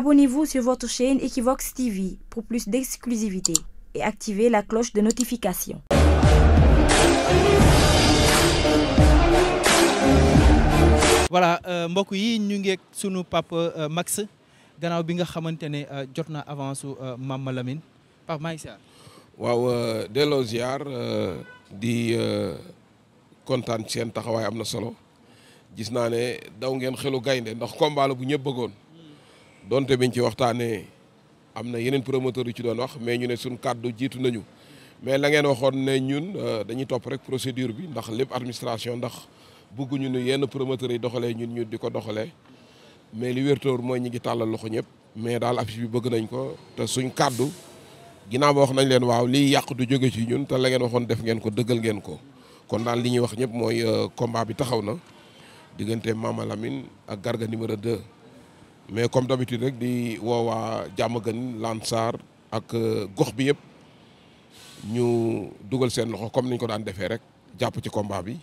Abonnez-vous sur votre chaîne Equivox TV pour plus d'exclusivité et activez la voilà euh, mbokk yi ñu ngi sunu papa euh, Max gannaaw bi nga xamante ne euh, jot na avance su Mama Lamine Pape maa ngi ziar. waaw delloo ziar di kontaan seen taxawaay am na solo gis naa ne daw ngeen xelu gaynde ndax combat bu ñëpp bëggoon. donte biñ ci waxtaanee am na yeneen promoteur yu ci doon wax mais ñu ne suñ kàddu jiitu nañu mais la ngeen waxoon ne ñun euh, dañuy topp rek procédure bi ndax lépp administration ndax bëgguñu ne yenn promoteurs yi doxalee ñun ñu di ko doxalee mais li wértóor mooy ñi ngi tàllal loxo ñëpp mais daal affiche bi bëgg nañ ko te suñ kàddu ginnaaw ba wax nañ leen waaw liy yàq du jóge ci ñun te la ngeen waxoon def ngeen ko dëggal ngeen ko kon daal li ñuy wax ñëpp mooy euh, combat bi taxaw na diggante Mama Lamine ak Garga numéro 2 mais comme d'habitude rek di woowaa Diamaguène Lansar ak euh, gox bi yëpp ñu dugal seen loxo comme niñ ko daan defee rek jàpp ci combat bi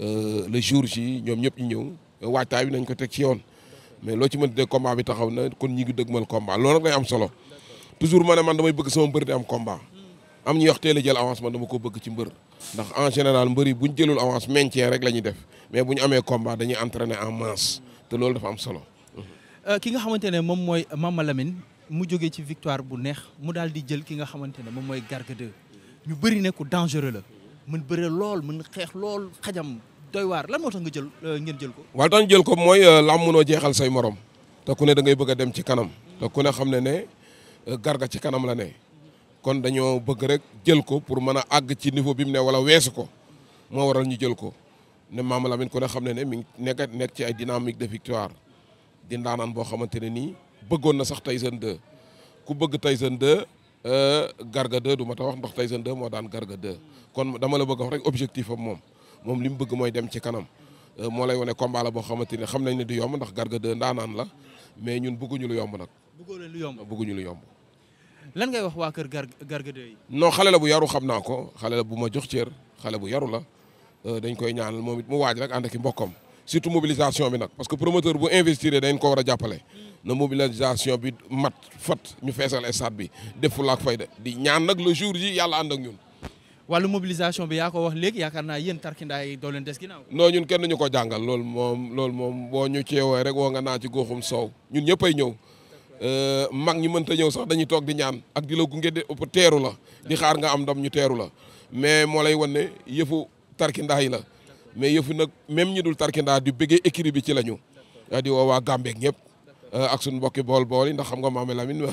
euh, le jour ji ñoom ñëpp ñu ñëw waajtaay bi nañ ko teg ci yoon mais loo ci mën dégg combat bi taxaw na kon ñi ngi dëgmal combat loolu nag day am solo toujours ma ne man damay bëgg sama mbër di am combat am ñuy wax teel a jël avance man dama ko bëgg ci mbër ndax en général mbër yi bu ñu jëlul avance maintien rek la def mais bu ñu amee combat dañuy entraîner en masse te loolu dafa am solo Euh, ki nga xamante ne moom mooy Mama Lamine mu jógee ci victoire bu neex mu daal di jël ki nga xamante ne moom mooy Garga 2 ñu bëri ne ku dangereux la mën bëre lool mën xeex lool xajam doy waar lan moo tax nga jël euh, ngeen jël ko. waaw tax jël ko mooy euh, lam mënoo jeexal say morom te ku ne da ngay bëgg a dem ci kanam te ku ne xam ne ne Garga ci kanam la ne kon dañoo bëgg rek jël ko pour mën a àgg ci niveau bi mu ne wala weesu ko moo waral ñu jël ko ne Mama Lamine ku ne xam ne ne mi ngi nekk nekk ci ay dynamique de victoire. di ndaanaan boo xamante ne nii bëggoon na sax Tyson 2 ku bëgg Tyson 2 euh, Garga 2 du ma ta wax ndax Tyson 2 moo daan Garga kon dama la bëgg wax rek objectif moom moom li mu bëgg mooy dem ci kanam euh, moo lay wane combat boo xamante ne xam nañ ne du yomb ndax Garga 2 ndaanaan la mais ñun bëgguñu lu yomb nag. bëggoo leen bëgguñu lu yomb. lan ngay wax waa kër Garga 2 yi. non xale la bu yaru xam naa ko xale la bu ma jox cër xale bu yaru la euh, dañ koy ñaan moom it mu waaj rek ànd ki i mbokkam surtout mobilisation bi nag parce que promoteur bu investir dañ ko war a jàppale na mobilisation bi mat fat ñu feesal stade bi def fulaak fayda di ñaan nag le jour ji yàlla ànd ak ñun. wala mobilisation bi yaa ko wax léegi yaakaar naa yéen tarkindaa yi doo leen des ginnaaw. non ñun kenn ñu ko jàngal loolu moom loolu moom ñu ceewee rek woo nga naa ci goxum soow ñun ñëpp ay ñëw euh, mag ñi mënta ñëw sax dañuy toog di ñaan ak di la gunge de teeru la di xaar nga am ndam ñu teeru la mais moo lay wan ne yëfu tarkindaa yi la. mais yëfu nag même ñi dul tarkindaa di bëggee écurie bi ci lañu di woo waa Gàmbeeg ñëpp euh, ak suñu mbokki bool bool yi ndax xam nga Mame Lamine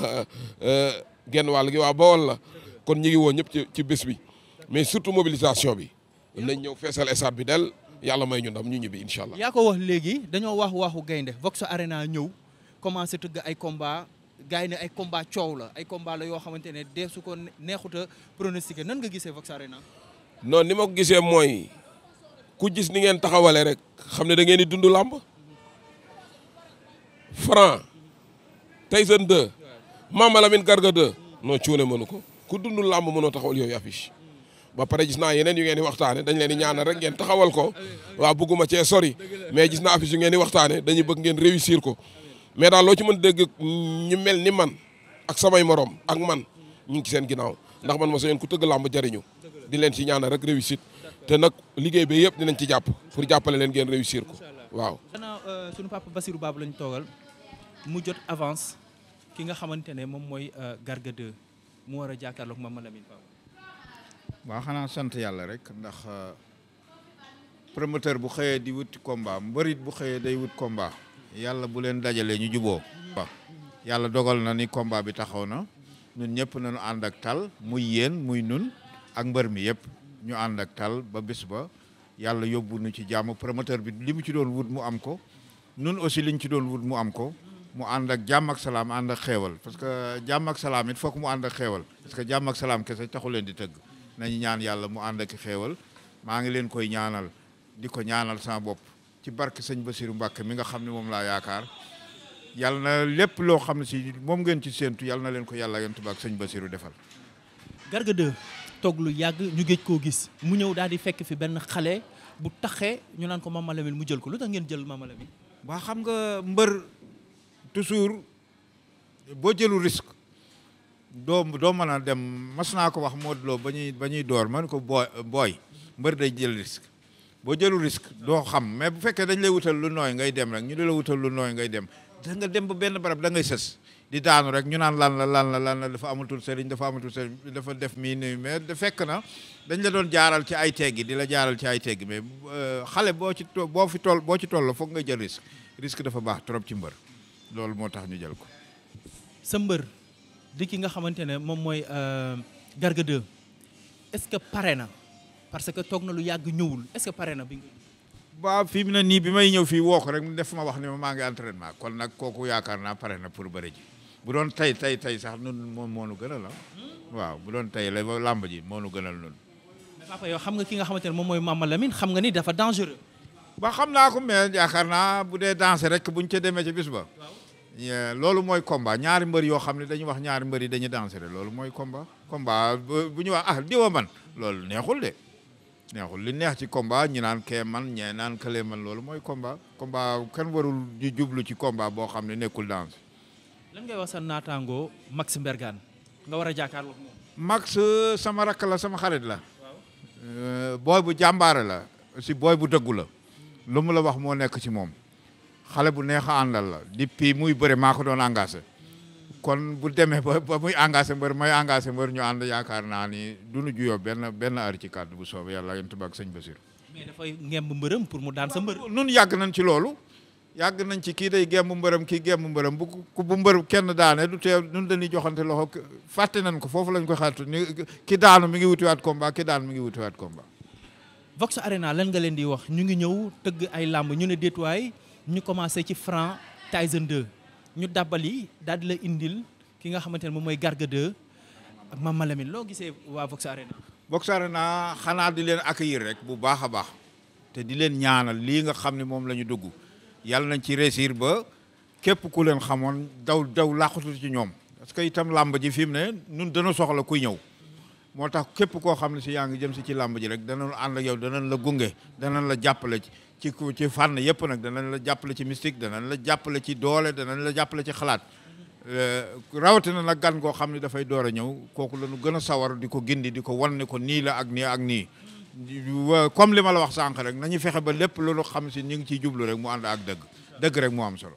euh, genn wàll gi waa bool la kon ñi ngi woo ñëpp ci ci bés bi mais surtout mobilisation bi nañ ñëw feesal stade bi del yàlla may ñu ndam ñu ñibbi incha allah. yaa ko wax léegi dañoo wax waxu gaynde Vox Arena ñëw commencé tëgg ay combat gars ay combat coow la ay combat la yoo xamante ne dee su ko neexut a nan nga gisee Vox Arena. non ni ma gisee mooy. ku jis ni ngeen taxawale rek xam ne da ngeen di dund làmb Franc Tyson 2 Mama Lamine Garga 2 non cuune mënu ko ku dund làmb mënoo taxawal yooyu affiche ba pare gis naa yeneen yu ngeen di waxtaane dañ leen di ñaanal rek ngeen taxawal ko waaw bëgguma cee sori mais gis naa affiche yu ngeen di waxtaane dañuy bëgg ngeen réussir ko mais daal loo ci mën dégg ñu mel ni man ak samay moroom ak man ñu ngi ci seen ginnaaw ndax man ma so yéen ku tëgg làmb jariñu di leen ci ñaanal rek réussite te nag liggéey bi yëpp dinañ ci jàpp pour jàppale leen ngeen réussir ko waaw. gannaaw euh, sunu papa Basirou Babou lañ toogal mu jot avance ki nga xamante ne moom mooy euh, Garga mu war a jàkkaarloog ma Lamine Ba. waaw xanaa sant yàlla rek ndax euh, promoteur bu xëyee di wut combat mbarit bu xëyee day wut komba yàlla bu leen dajalee ñu juboo waaw yàlla dogal na ni combat bi taxaw na ñun ñëpp nañu ànd ak tal muy yéen muy nun ak mbër mi yëpp ñu ànd ak tal ba bis ba yàlla yóbbu nu ci jàmm promoteur bi li mu ci doon wut mu am ko nun aussi li ñu ci doon wut mu am ko mu ànd ak jàmm ak salaam ànd ak xeewal parce que jàmm ak salaam it foog mu ànd ak xeewal parce que jàmm ak salaam kese taxu leen di tëgg nañu ñaan yàlla mu ànd ak xeewal maa ngi leen koy ñaanal di ko ñaanal sama bopp ci barke sëñ Basiru Mbàkke mi nga xam ne moom laa yaakaar yàlla na lépp loo xam ne si moom ngeen ci séentu yàlla na leen ko yàlla yontu ba ak Basiru defal toog lu yàgg ñu géej koo gis mu ñëw daal di fekk fi benn xale bu taxee ñu naan ko Mama Lamine mu jël ko lu tax ngeen jël Mama Lamine waa xam nga mbër toujours boo jëlul risque doo doo mën a dem mas naa ko wax moo Lo ba ñuy ba ñuy door man ko booy booy mbër day jël risque boo jëlul risque doo xam mais bu fekkee dañ lay wutal lu nooy ngay dem rek ñu di la wutal lu nooy ngay dem da dem ba benn barab da ngay sës di daanu rek ñu naan lan la lan la lan la dafa amatul sëriñ dafa amatul sëriñ dafa def mii nii mais fekk na dañ la doon jaaral ci ay teggi di la jaaral ci ay teggi mais euh, xale boo ci boo fi toll boo ci toll foog nga jël risque risque dafa baax trop ci mbër loolu moo tax ñu jël ko. sa mbër di ki nga xamante ne moom mooy euh, Garga 2 est-ce que pare na parce que toog na lu yàgg ñëwul est-ce que pare na bi. waaw fii mu ne nii bi may ñëw fii woo ko rek def ma wax ne ma ngi entraînement kon nag kooku yaakaar naa pare na pour bëri ji. bu doon tey tey tey sax nun moom moo nu gënal ah. Hmm? waaw bu doon tey la làmb ji moo nu gënal nun mais yoo xam nga ki nga xamante ne moom mooy Mama Lamine xam nga ni dafa dangereux. ba xam naa ko mais yaakaar naa bu dee danser rek buñ ca demee ca bis ba. loolu mooy combat ñaari mbër yoo xam ne dañuy wax ñaari mbër yi dañuy danser loolu mooy komba combat bu ñu wax ah diwa man loolu neexul de neexul li neex ci combat ñu naan kee man ñee naan man loolu mooy combat. combat kenn warul ñu jublu ci komba boo xam ne nekkul danse. lan ngay wax sa naataango Max Mbergane nga war a jàkkaarloo moom. Max euh, sama rakk la sama xarit la. Euh, booy bu jàmbaare la. si booy bu dëggu la. lu mu la wax moo nekk ci moom. xale bu neex a àndal la depuis muy bëre maa ko doon engagé. kon bu demee ba ba muy engagé mbër may engagé mbër ñu ànd yaakaar naa ni du nu juyoo benn benn heure ci kàddu bu soobee yàlla yéen ak sëñ Basir. mais dafay pour mu daan sa mbër. nun yàgg nañ ci loolu. yàgg nañ ci kii dey day gembu mbërëm kii gem mbërëm bu ku bu mbër kenn daane du teew nun dañuy joxante loxo fàtte nañ ko foofu lañ ko xaatu ni ki daanu mi ngi wutiwaat combat ki daanu mi ngi wutiwaat combat Vox Arena lan nga leen di wax ñu ngi ñëw tëgg ay làmb ñu ne détuwaay ñu commencé ci Franc Tyson 2 ñu dàbbali daal la indil ki nga xamante ne moom mooy Garga 2 ak Mama loo gisee waa Vox Arena Vox Arena xanaa di leen ak accueillir rek bu baax a baax te di leen ñaanal lii nga xam ne moom la ñu dugg yàlla nañ ci réussir ba képp ku leen xamoon daw daw làqatu ci ñoom parce que itam làmb ji fi mu ne nun dana soxla kuy ñëw moo tax képp koo xam ne si yaa ngi jëm si ci làmb ji rek danañ ànd ak yow danañ la gunge danañ la jàppale ci ci fànn yëpp nag danañ la jàppale ci mystique danañ la jàppale ci doole danañ la jàppale ci xalaat euh, rawatina nag gan goo xam ne dafay door a ñëw kooku la ñu gën a sawar di ko gindi di ko wan ne ko nii la ak nii ak nii comme li ma la wax sànq rek ñu fexe ba lépp lu ñu xam si ñu ngi ciy jublu rek mu ànd ak dëgg dëgg rek mu am solo